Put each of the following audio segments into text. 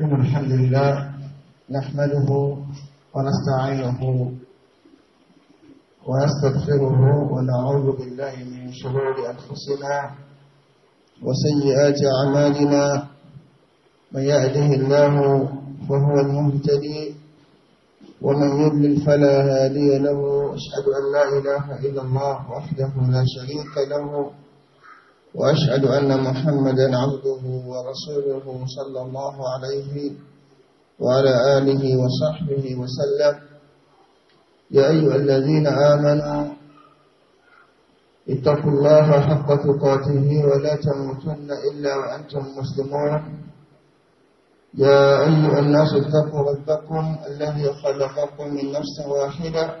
إن الحمد لله نحمده ونستعينه ونستغفره ونعوذ بالله من شرور أنفسنا وسيئات أعمالنا من يهده الله فهو المهتدي ومن يضلل فلا هادي له أشهد أن لا إله إلا الله وحده لا شريك له وأشهد أن محمدا عبده ورسوله صلى الله عليه وعلى آله وصحبه وسلم يا أيها الذين آمنوا اتقوا الله حق تقاته ولا تموتن إلا وأنتم مسلمون يا أيها الناس اتقوا ربكم الذي خلقكم من نفس واحدة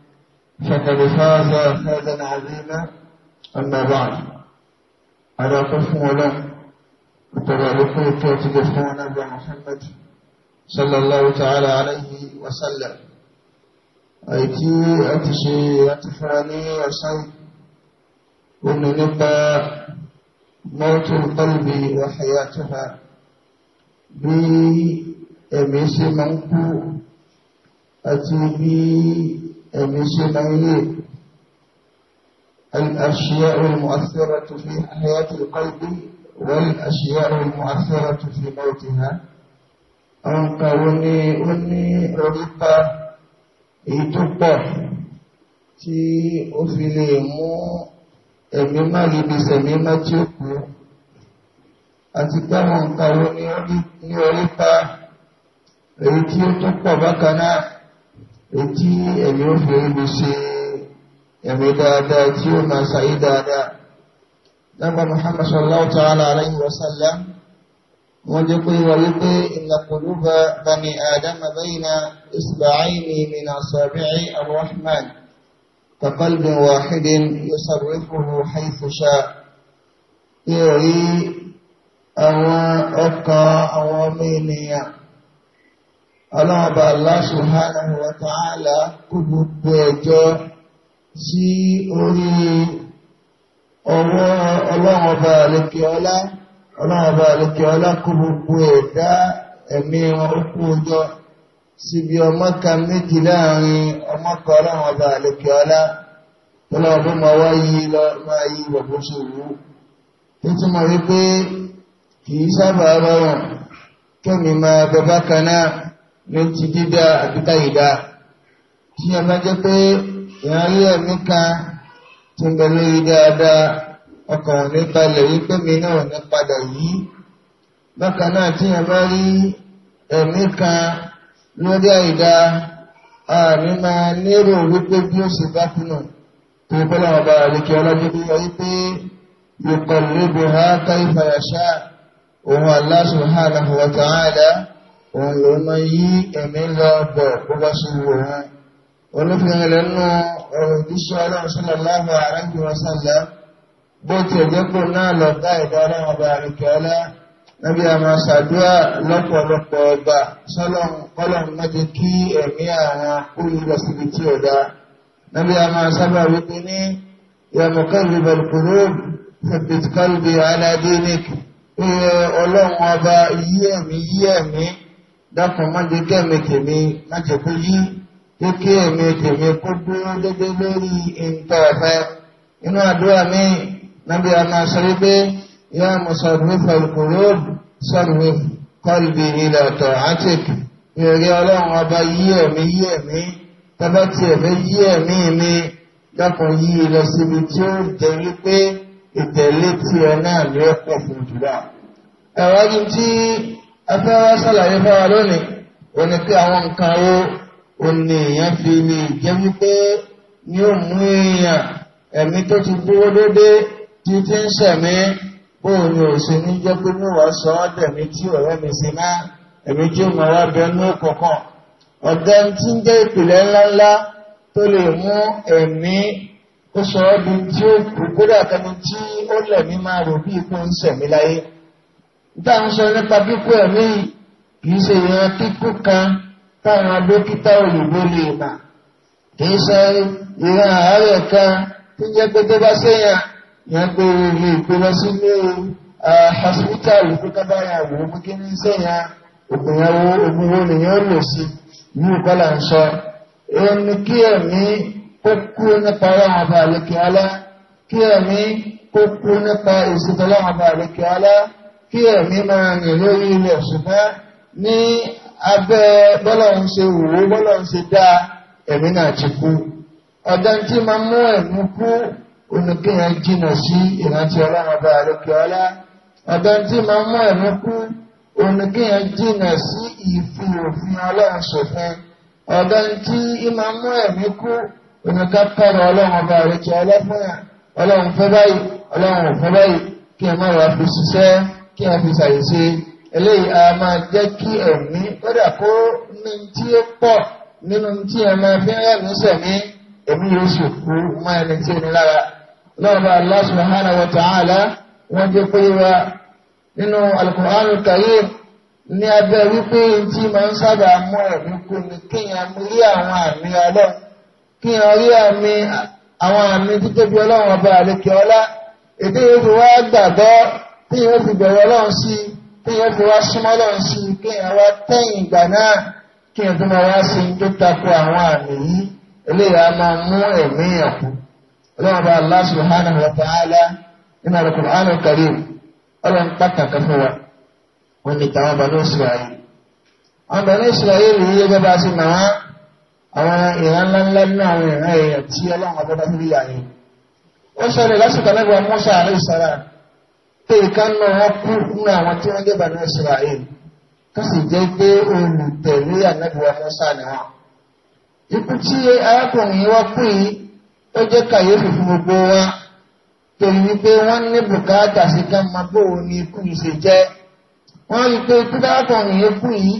فقد فاز فازا عظيما أما بعد على قسم له وتباركوا وتجفون بمحمد صلى الله تعالى عليه وسلم أيتي أتشي أتفاني وسيد أن نبى موت القلب وحياتها بي ẹ̀mí ṣe máa ń الميزانيين الأشياء المؤثرة في حياة القلب والأشياء المؤثرة في موتها أنقرني أني أريد ìtúpọ̀ tí ó fi lè mú ẹ̀mí má ríbi sẹ̀mí má tí ó kú àti pẹ́wọ̀n nǹkan wo ni orí pa èyí tí ó túpọ̀ bákan náà etí ẹ̀mí ó fi orígun ṣe ẹ̀mí dáadáa tí ó máa ṣàyí dáadáa lábàá Muhammad sallallahu ta'ala alayhi wa sallam wọ́n jẹ́ pé wọ́n wípé inna quluba bani adama bayna isba'ayni min asabi'i ar-rahman كقلب واحد يصرفه حيث شاء يري أو أبقى أو مينيا ọlọ́run ọba Allah subhanahu wa ta'ala kó gbogbo ẹjọ́ sí orí ọwọ́ ọlọ́run ọba àlekè ọlá ọlọ́run ọba àlekè ọlá kó gbogbo ẹ̀dá ẹ̀mí wọn ó kú ọjọ́ síbi ọmọ kan méjì láàrin ọmọ kan ọlọ́run ọba àlekè ọlá ọlọ́run ọba máa wá yí lọ máa yí bàbá ṣòwò tó túmọ̀ wípé kì í sábà rọrùn kẹ́mi máa bẹ bákan náà ní ti dídá àbíká ìdá tí a bá jẹ́ pé ìrárí ẹ̀mí kan ti ń bẹ lórí dáadáa ọkàn ò ní balẹ̀ wípé mi náà ò ní padà yìí bákan náà tí a bá rí ẹ̀mí kan lórí àìdá àmì máa nérò wípé bí ó sì bá kùnà tó bọ́lá ọba àríkẹ́ ọlọ́jọ́ bí wọ́n wípé yóò kọ̀ ha káyífà yàṣá òun Allah subhanahu wa ta'ala òun lòun máa yí ẹ̀mí lọ bọ̀ bó bá ṣe wò wọn olófin rẹ̀ nù ọ̀rọ̀ ìdíṣẹ́ ọlọ́run sílẹ̀ láàbà àrẹ́gbẹ̀rún sálẹ̀ bó tiẹ̀ jẹ́ pé náà lọ bá ẹ̀dá ọlọ́run ọba àrẹ́kẹ́ọ́lá níbi àwọn ṣàdúrà lọ́pọ̀lọpọ̀ ọba sọ́lọ́run kọ́lọ́run má jẹ́ kí ẹ̀mí àwọn kúrú lọ síbi tí ò dá níbi àwọn sábà wípé ní yàmùkọ́lù bẹ̀rùkúrú fẹ̀bìtìkọ́lù bíi aládé ọlọ́run ọba yí ẹ̀mí yí ẹ̀mí dákun má jẹ́ kí ẹ̀mí tèmi má jẹ́ kó yí jẹ́ kí ẹ̀mí tèmi kó dúró dédé lórí nǹkan ọ̀fẹ́ inú àdúrà mi nàbí àmà sọ wípé yá mùsàlùmífà ìkòròdù sọ̀rọ̀ kọ́lùbì ilẹ̀ ọ̀tọ̀ àtẹ̀kù ìrẹ̀ ọlọ́run ọba yí ẹ̀mí yí ẹ̀mí tọ́bá ti ẹ̀fẹ́ yí ẹ̀mí mi dákun yí lọ síbi tí ó jẹ́ wípé ìtẹ̀lé tiẹ̀ náà lè pọ̀ fún jùlọ ẹfẹ́ wá ṣàlàyé fáwa lónìí ó ní pé àwọn nǹkan wo ó ní èèyàn fi lè jẹ́ wípé yóò mú èèyàn ẹ̀mí tó ti dúró dédé tí ti ń ṣẹ̀mí bóun ni ò ṣe ní jẹ́ pé níwàá sọ ọ́ dẹ̀mí tí ọ̀rẹ́ mi ṣe náà ẹ̀mí tí ó mọ̀ wá bẹ ní òkọ̀kọ̀ ọ̀gá tí ń jẹ́ ìpìlẹ̀ ńláńlá tó lè mú ẹ̀mí ó sọ ọ́ di tí ó kú kódà kẹni tí ó lẹ̀mí máa rò bí ikú ń ṣẹ̀mí láyé tá à ń sọ nípa kíkú ẹ̀mí yìí kì í ṣe ìran kíkú kan táwọn dókítà òyìnbó lè mà kì í ṣe ìran àárẹ̀ kan tó jẹ́ pé tó bá ṣèyàn yẹn pé lè gbé lọ sínú hospital tó kábàárà wò ó kí ní ṣèyàn ògùn yẹn wo omi wo nìyẹn lò sí yìí kọ́ là ń sọ ẹni kí ẹ̀mí kó kú nípa ọlọ́run ọba àlekè kí ẹ̀mí kó kú nípa ìṣètò ọlọ́run ọba àlekè kí ẹ̀mí máa rìn lórí ilẹ̀ ṣùgbọ́n ní abẹ́ bọ́lọ̀ ń ṣe wò ó bọ́lọ̀ ń ṣe dá ẹ̀mí náà ti kú ọ̀dọ́ tí máa mú ẹ̀mí kú oníkéèyàn jìnnà sí ìrántí ọlọ́run ọba àlòkè ọlá ọ̀dọ́ tí máa mú ẹ̀mí kú oníkéèyàn jìnnà sí ìfi òfin ọlọ́run ṣòfin tí máa mú ẹ̀mí kú oníkápẹ́rọ ọlọ́run ọba àlòkè ọlá fún yà ọlọ́run fẹ́ báyìí ọlọ́run ò fẹ́ báyìí kí ẹ má wàá fi ṣiṣẹ́ kí a fi ṣàyèsí eléyìí a máa jẹ́ kí ẹ̀mí kódà kó ní tí ó pọ̀ nínú tí a máa fi ń rẹ́mi sẹ̀mí ẹ̀mí yóò sì kú mọ́ ẹni tí ó ní lára lọ́ọ̀bà Allah subhanahu wa ta'ala wọ́n jẹ́ pé wa nínú al-Qur'an al-Karim ní abẹ́ wípé tí máa ń sábà mú ẹ̀mí kú ni kíyàn rí àwọn àmì ọlọ́run kíyàn rí àmì àwọn àmì títóbi ọlọ́run ọba àlekè ọlá èdè yóò fi wá gbàgbọ́ téèyàn fi bẹ̀rẹ̀ ọlọ́run sí téèyàn fi wá súnmọ́ ọlọ́run sí kéèyàn wá tẹ̀yìn ìgbà náà kéèyàn tó máa wá sí tó tako àwọn àmì yìí eléyàá máa mú ẹ̀mí ẹ̀kú ọlọ́run bá Allah subhanahu wa ta'ala nínú al-Qur'an al-Karim ọlọ́run pàtàkì fún wa wọn ni tàwọn bá lóṣù ayé àwọn bá lóṣù ayé rèé yẹ bá sí màá àwọn ìran ńláńlá nínú àwọn ìran èèyàn pé ìkánná wọn kú fún àwọn tí wọ́n gẹ́bà náà Israel tó sì jẹ́ pé olùtẹ̀lé ànábìwá Mùsá ni wọn. Ikú tí arákùnrin wọn kú yìí ó jẹ́ kàyéfì fún gbogbo wa torí wípé wọ́n ní bùkátà sí ká bóun ni ikú yìí ṣe jẹ́. Wọ́n rí i pé ikú arákùnrin yìí kú yìí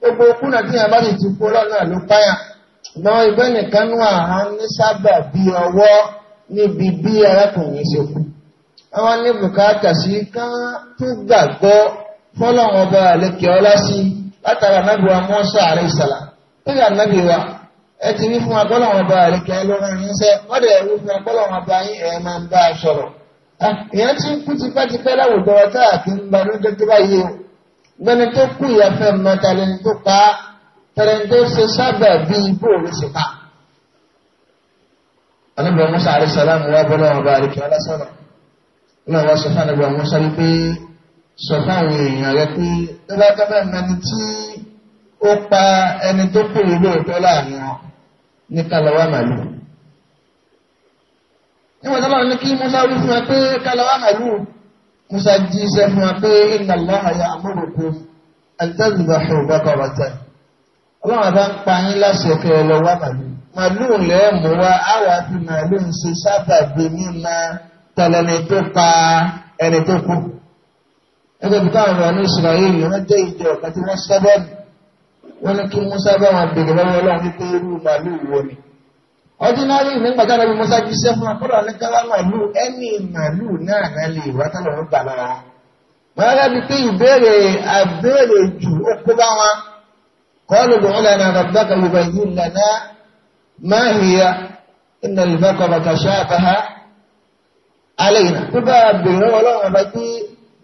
gbogbo kúnà tí yàrá sì ti kú lọ́nà ló páyà. Ìgbọ́n ìgbẹ́ nìkan nú àhán ní sábà bí ọwọ́ níbi bí arákùnrin ṣe kú àwọn ní bùkátà sí kán tún gbàgbọ́ fọ́lọ́run ọba àlekè ọlá sí látara nábì wa Mùsá alayhi salam nígbà nábì wa ẹ ti wí fún abọ́lọ́run ọba àlekè ọlọ́run ránṣẹ́ wọ́n dẹ̀ wí fún abọ́lọ́run ọba yín ẹ̀ máa ń bá a sọ̀rọ̀ ah, ìyẹn tí ń kú tipẹ́tipẹ́ láwùjọ ọtá àti ń ba lójó tó bá yé o gbẹni tó kú ìyàfẹ́ mẹ́ta lẹni tó pa tẹ̀lẹ́ni náà wọ́n sọ fún àdàbọ̀ àwọn sáré pé sọ fún àwọn èèyàn rẹ pé lọ́lọ́dọ́bẹ̀ mẹni tí ó pa ẹni tó kúrò lóòótọ́ láàrin wọn ní kálọ̀wá màlúù. níwọ̀n tó lọ́run ní kí Musa wí fún wa pé kálọ̀wá màlúù Musa jí iṣẹ́ fún wa pé inna Allaha ya'murukum an tadhbahu baqaratan. ọlọ́run bá ń pa yín láṣẹ kẹ́ ẹ màlúù. màlúù lẹ́ẹ̀mú wa á wà màlúù ń ṣe sábàbí mímọ́ tẹ̀lẹ́ni tó pa ẹni tó kú. Ẹgbẹ́ bí káwọn ọ̀rọ̀ ní Ìsìráyìlì wọ́n jẹ́ ìjọ ọ̀kan tí wọ́n sẹ́bẹ̀ nù. Wọ́n ní kí Musa bá wọn bèrè lọ́wọ́ Ọlọ́run wípé irú màlúù wo ni. Ordinary ní gbàgbá lọ́wọ́ Musa kì í ṣe fún akọ́dọ̀ ní káwá màlúù ẹni màlúù náà náà lè wá tọ́lọ̀ ń gbà lára. Wọ́n rẹ́ bí pé ìbéèrè àbéèrè jù ó kó bá wọn. قالوا ادع لنا ربك يبين لنا ما هي إن البقرة شابه alẹ́ ìnà tó bá bèèrè ọlọ́run ọba pé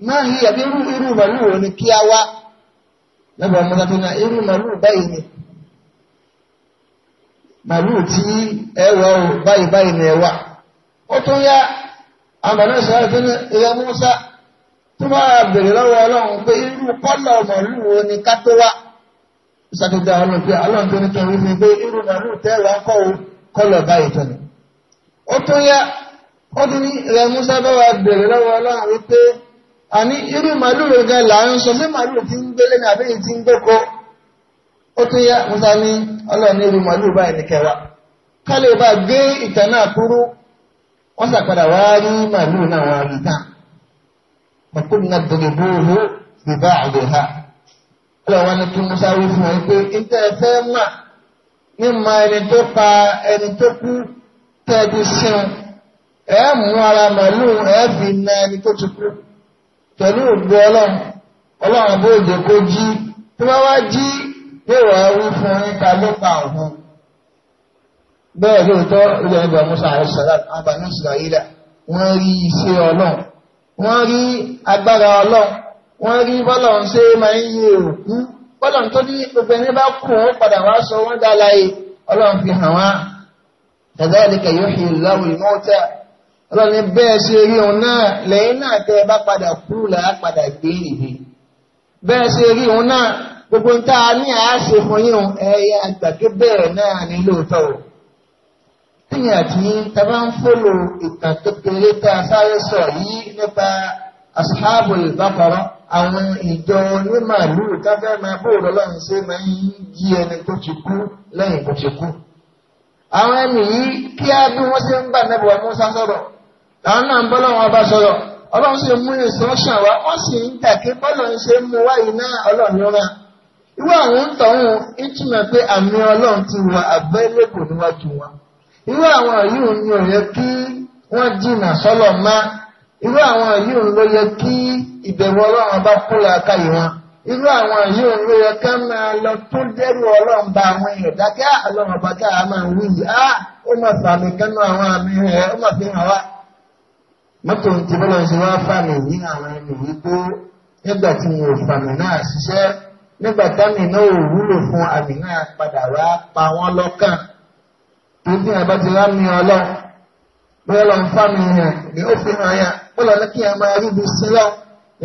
máa yí àbí iru iru màálù wo ni kí a wá lọ́bọ̀ ọmọdé tó náà irú màálù báyìí ni màálù o báyìí báyìí ni ẹwà ó Musa tó bá bèèrè lọ́wọ́ ọlọ́run pé ó tún ní rẹ musa bá wa bèrè lọ́wọ́ ọlọ́run wípé àní irú màálù rẹ̀ gan là ń sọ sí màálù tí ń gbélé ní àbẹ́yìn tí ń gbéko ó tún yá musa ní ọlọ́run ní irú màálù báyìí ní kẹwàá ká lè bá gbé ìtàn náà kúrú wọ́n sàpadà wá rí màálù náà wọ́n rí tán mọ̀kún náà dòdòdòdò bìbá àdòhà ọlọ́run ní kí musa wí fún wọn pé ń tẹ́ ẹ fẹ́ mà ní ma ẹni tó pa ẹni tó kú tẹ́ ẹ ti sẹ́wọ̀n. ẹ mú ara màálù ẹ fi na ẹni tó ti kú pẹ̀lú ògbó ọlọ́run ọlọ́run bó jẹ́ kó jí tí wọ́n wá jí yóò wá wí fún yín ta ló pa òun bẹ́ẹ̀ musa wọ́n rí iṣẹ́ ọlọ́run wọ́n rí agbára ọlọ́run wọ́n rí bọ́lọ̀n ṣe máa ń yé òkú bọ́lọ̀n tó ní gbogbo ẹni bá kù ó padà ọlọ́ni bẹ́ẹ̀ ṣe rí òun náà lẹ́yìn náà tẹ́ ẹ bá padà kú làá padà gbé ìdè bẹ́ẹ̀ ṣe rí òun náà gbogbo nta ní àáṣe fún yín o ẹ̀yà àgbàgbé bẹ́ẹ̀ náà ní lóòótọ́ o tíyẹn àti tàbá ń fọ́lò ìtàn kékeré tá a sáré sọ yìí nípa asáàbò ìbákọ̀rọ̀ àwọn ìjọ onímàlúù káfẹ́ máa bóòrò lọ́run ṣe máa ń yí ẹni tó ti kú lẹ́yìn tó ti kú àwọn ẹni yìí kí á bí wọ́n ṣe ń bà nẹ́bọ̀ Mùsá sọ̀rọ̀ àwọn náà ń bọ́ lọ́wọ́ ọba sọ̀rọ̀ ọlọ́run sì mú instruction wá wọ́n sì ń gbà pé bọ́lọ̀ ń ṣe mú wáyé náà ọlọ́run rán irú àwọn ń tọ̀hún ń túmọ̀ pé àmì ọlọ́run ti wà níwájú wa irú àwọn yìí yẹ kí wọ́n jìnnà sọ́lọ̀ má irú àwọn yìí yẹ kí ìbẹ̀wò ọlọ́run bá yìí wọn irú àwọn yìí yẹ ká lọ tó dẹ́rù ọlọ́run mọ́tò ti bọ́lá ṣe wá fàmì ní àwọn ẹni wípé nígbà tí mo fàmì náà ṣiṣẹ́ nígbà támì náà ò wúlò fún àmì náà padà wá pa wọ́n lọ́kàn tó ní ẹ̀bá ti rá mi ọlọ́run bóyá fàmì yẹn ni ó fi hàn yà bọ́lá ní kí ẹ máa rí ibi sí lọ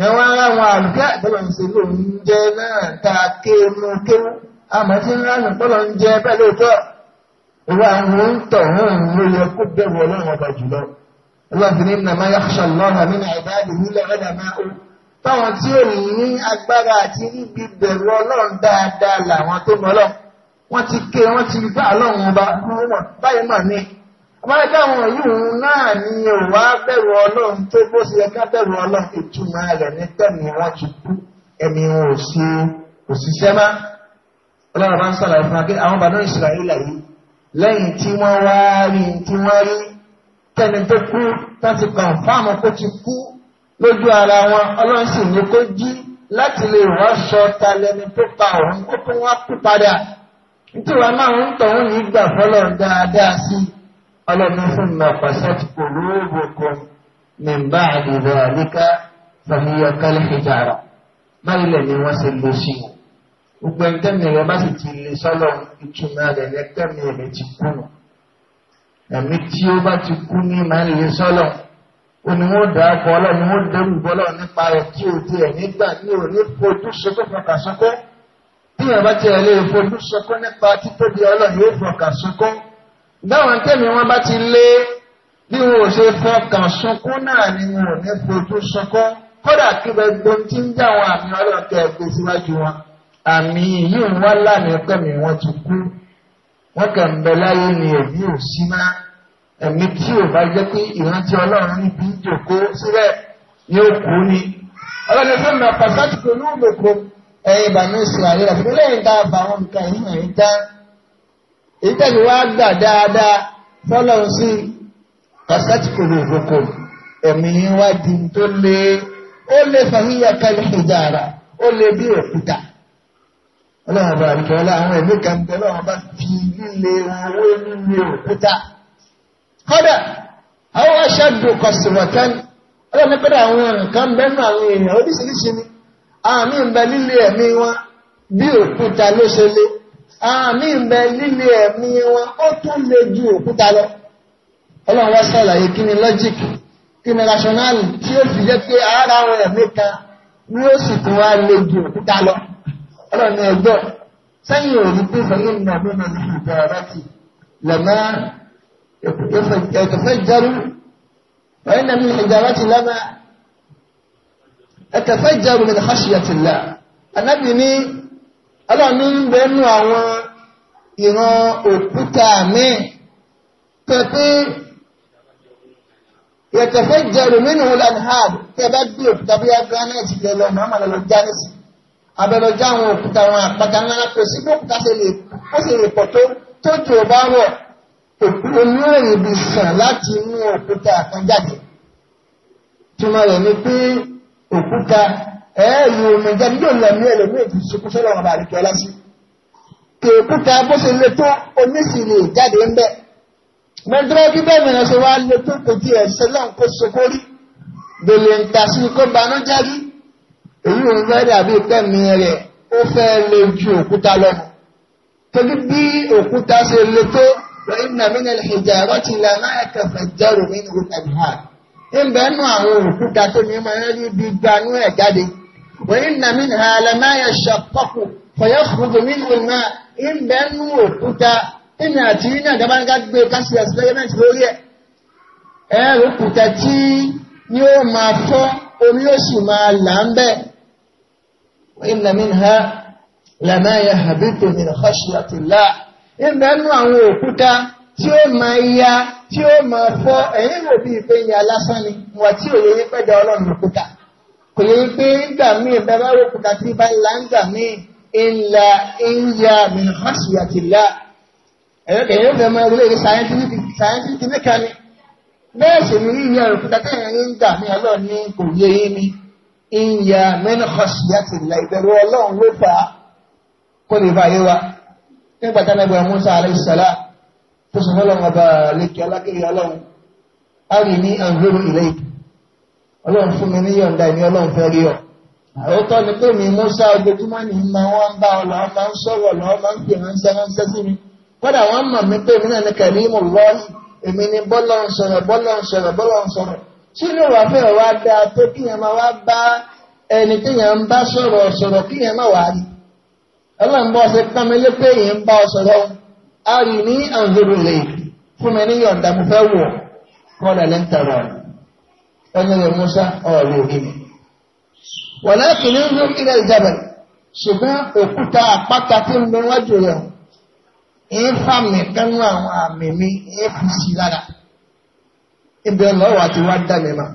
yẹn wá rá àwọn àlùkí àgbọ̀lọ̀ ń ṣe lóun jẹ náà ta kéénu kéwú àmọ́ ránù bọ́lá ń jẹ bẹ́ẹ̀ lóòótọ́ ìwà àwọn ń tọ̀ hàn ló yẹ kó bẹ̀rù ọlọ́run ọba jùlọ olùwàfíní nàmá yakhsha Allaha min ibadihi ulama táwọn tí ò ní agbára àti níbi bẹ̀rù ọlọ́run dáadáa làwọn tó mọ́ ọlọ́run wọ́n ti ké wọ́n ti bá ọlọ́run ọba báyìí mà ní. abájá àwọn yìí náà ni òwá bẹ̀rù ọlọ́run tó bó ṣe yẹ ká bẹ̀rù ọlọ́run ìtumọ̀ rẹ̀ ní tẹ̀mí wọn ti kú ẹ̀mí wọn ò ṣe òṣìṣẹ́ má. ọlọ́run bá ń sọ̀rọ̀ fún wa pé àwọn bàbá ìṣúra tẹni tó kú tó ti kàn fáàmù kó ti kú lójú ara wọn ọlọ́run sì ní kó jí láti lè wáṣọ ta lẹni tó pa òun kó tó wá kú padà nítorí máa ń tọ̀hún yìí gbà fọlọ́ dáadáa sí ọlọ́run fún mi ọ̀pọ̀ṣẹ́ ti kò lóògùn kan ní bá àdìbò àdìká fàmíyà kálí báyìí lẹ́ni wọ́n ṣe lọ sí gbogbo ẹni tẹ́mi bá sì ti lè sọ́lọ́ ìtumọ̀ rẹ̀ lẹ́tẹ̀mí rẹ̀ ti kùnà ẹ̀mí tí ó bá ti kú ní máa ń lè sọ́lọ̀ ó ní wọ́n dà á kọ́ ọlọ́ ni wọ́n dẹ́rù bọ́lọ̀ nípa rẹ̀ kí o ti ẹ̀ nígbà ní o ní fojú sọkọ́ fọkà sọkọ́ bí ẹ̀ bá ti ẹ̀ lè fojú sọkọ́ nípa títóbi ọlọ́ yóò fọkà sọkọ́ báwọn tẹ̀mí wọn bá ti lé bí wọn ò ṣe fọkàn sọkọ́ náà ni wọn ò ní fojú sọkọ́ kódà kí gbogbo ti ń dá àwọn àmì ọlọ́ọ̀kẹ́ gbé síwájú wọn àmì yìí ń wá lánàá wọ́n kàn ń bẹ láyé ni ẹ̀mí ò sí má ẹ̀mí tí ò bá jẹ́ pé ìrántí ọlọ́run níbi ń síbẹ̀ ni ó kú ni. ọlọ́run ẹ̀fọ́ mi àpàṣà ti kò ní òmòkò ẹ̀yìn ìbànú ìsìláyé rẹ̀ fún lẹ́yìn tá a bá àwọn nǹkan yìí hàn yín tán. èyí tẹ̀lé wá gbà dáadáa fọlọ́run sí pàṣà ti kò ní òmòkò ẹ̀mí wá di tó lé ó lé fàhíyà kálí ìjà ara ó lé bí òkúta ọlọ́run bá àríkẹ́ ọlá àwọn ẹ̀mí kan tẹ́ lọ́wọ́ bá fi líle owó líle òkúta kọ́dà àwọn aṣẹ́dùn kọ̀sìmọ̀tán ọlọ́run pẹ́dà àwọn nǹkan bẹ́nu àwọn èèyàn oríṣiríṣi ni àmì ń bẹ líle ẹ̀mí wọn bí òkúta ló ṣe lé àmì ń bẹ líle ẹ̀mí wọn ó tún le ju òkúta lọ ọlọ́run wá sàlàyé kí ni lọ́jíìkì kí ni rationale tí ó fi jẹ́ pé ara àwọn ẹ̀mí kan ni ó sì tún wá le ju òkúta lọ ọlọ́ni ẹgbẹ́ sẹ́yìn òní pé sẹ́yìn ní àbúrò ní ìbẹ̀rẹ̀ láti lẹ́mọ́ ẹ̀kẹ́fẹ́ jẹ́rú wọ́n ní ìjà láti lẹ́mọ́ ẹ̀kẹ́fẹ́ jẹ́rú ní ìhásíyàtìlá anábì ní ọlọ́ni ń bẹ nú àwọn ìran òkúta míì pẹ̀pẹ́ ẹ̀kẹ́fẹ́ jẹ́rú nínú ìlànà hàb tẹ́ bá gbé òkúta bí i granite lẹ́lọ́ mọ́ abẹ́lọ́jà àwọn òkúta àwọn àpáta ńlá kò sí bí òkúta ṣe lè ó ṣe lè pọ̀ tó tójú ò bá wọ̀ omi òrìn ibi sàn láti inú òkúta kan jáde túmọ̀ rẹ̀ ni pé òkúta ẹ̀ẹ́rì omi jáde yóò lọ ní ẹlòmíì ti ṣekú sọ́dọ̀ ọ̀rọ̀ àríkẹ́ ọlá kí òkúta bó ṣe le tó oníṣìlè jáde ń bẹ́ẹ̀ mẹtọrọ kí bẹ́ẹ̀ mìíràn ṣe wá lé tó kò tí ẹ ṣe lọ́n kó sokórí gbèlè ń ta kó banú járí èyí ò fẹ́ dàbí pẹ́mi rẹ̀ ó fẹ́ le ju òkúta lọ torí bí òkúta ṣe le tó lọ́yìnbó àmínà hijarati lànà yatafajjaru minhu al nù àwọn òkúta tó ní ma rí bí gbanú ẹ̀ jáde lọ́yìnbó àmínà lànà yashaqqaqu fayakhruju minhu ma ìbẹ̀ nù òkúta ìnà àti ìnà àgbàǹgà gbé kásìlẹ̀ sílẹ̀ náà ti lórí ẹ̀ òkúta tí máa fọ́. omi ó sì máa là ń bẹ́ inna minha lama yahbitu min khashyatillah ìbẹ́nu àwọn òkúta tí ó máa ya tí ó máa fọ́ ẹ̀yìn wò bí ìpé ya lásán ni wà tí ò yẹ yí pẹ́ da ọlọ́run òkúta kò yẹ pé gbà mí ìbẹ́ bá wò òkúta tí bá là ń gbà mí ìlà ìyá min khashyatillah ẹ̀yọ́ kẹ̀yìn ó fẹ́ mọ ẹgbẹ́ sáyẹ́ntì nìkan bẹ́ẹ̀ sì ni yíyẹ òkúta kẹ́yìn ní gbà mí ọlọ́run ní kò yé yín ni ìyá mẹ́nu kọ̀sì láti ìlà ìbẹ̀rù ọlọ́run ló fà á kó lè bá yé wa nígbà tá lẹ́gbẹ̀ẹ́ Musa alayhi salam tó sọ fọlọ́run ọba lẹ́kẹ́ alákèrè ọlọ́run á rí ní àǹgbèrò ìlẹ́ ìkù ọlọ́run fún mi ní yọ̀ǹda ìní ọlọ́run fẹ́ rí ọ. àwòtọ́ ni pé mi Musa ojoojúmọ́ ni mà wọ́n bá ọ lọ́wọ́ máa ń sọ̀rọ̀ lọ́wọ́ máa ń pè èmi ni bọ́lá ń sọ̀rọ̀ bọ́lá ń sọ̀rọ̀ bọ́lá ń sọ̀rọ̀ tí ní wàá fẹ́ wá da tó kí yẹn máa wá bá ẹni tí yẹn ń bá sọ̀rọ̀ sọ̀rọ̀ kí yẹn máa wá rí ọlọ́run bọ́ ṣe pọ́n mi lé pé yẹn ń bá ọ sọ̀rọ̀ a rì ní àǹzọ̀rọ̀ lè fún mi ní yọ̀ǹda mo fẹ́ wọ̀ kọ́ ọ̀dà lẹ́ńtàrọ̀ ẹni rẹ̀ Musa ọ̀rọ̀ òbí mi. wọ̀lá kìnìún ló ìjàbẹ̀ ṣùgbọ́n òkúta àpáta tí ń bẹ wájú rẹ̀ ìfàmì kánú àwọn àmì mi ìfùsí lára ibi ọlọ́wà ti wá dá mi ma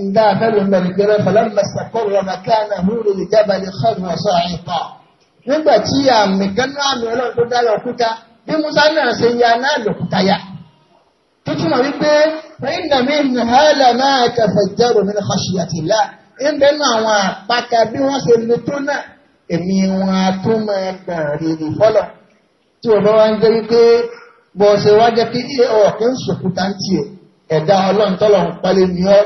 ń dá abẹ́lú mẹ́rin pé rẹ́fẹ̀lẹ́ mẹ́sàkọ́rọ̀ mẹ́kánà múlò lè jábàlì xọ́ọ̀nù ọ̀sọ́ àyíkọ́ nígbà tí àmì kánú àmì ọlọ́run tó dára òkúta bí musa náà ṣe ya náà lòkúta ya tó túmọ̀ wípé fẹ́yìnà mi nìhálà máa kẹfẹ́ jẹ́rò mi ní xọ́ṣìyàtìlá ń bẹ́nu àwọn àpáta bí wọ́n ṣe lè tó náà èmi wọn a tún tí wọ́n bá wá ń jẹ́ wípé bọ́ ṣe wá jẹ́ kí ọ̀kẹ́ ń sòkúta ń tiẹ̀ ẹ̀dá ọlọ́run tọ́lọ̀ ń palẹ̀ ní ọ́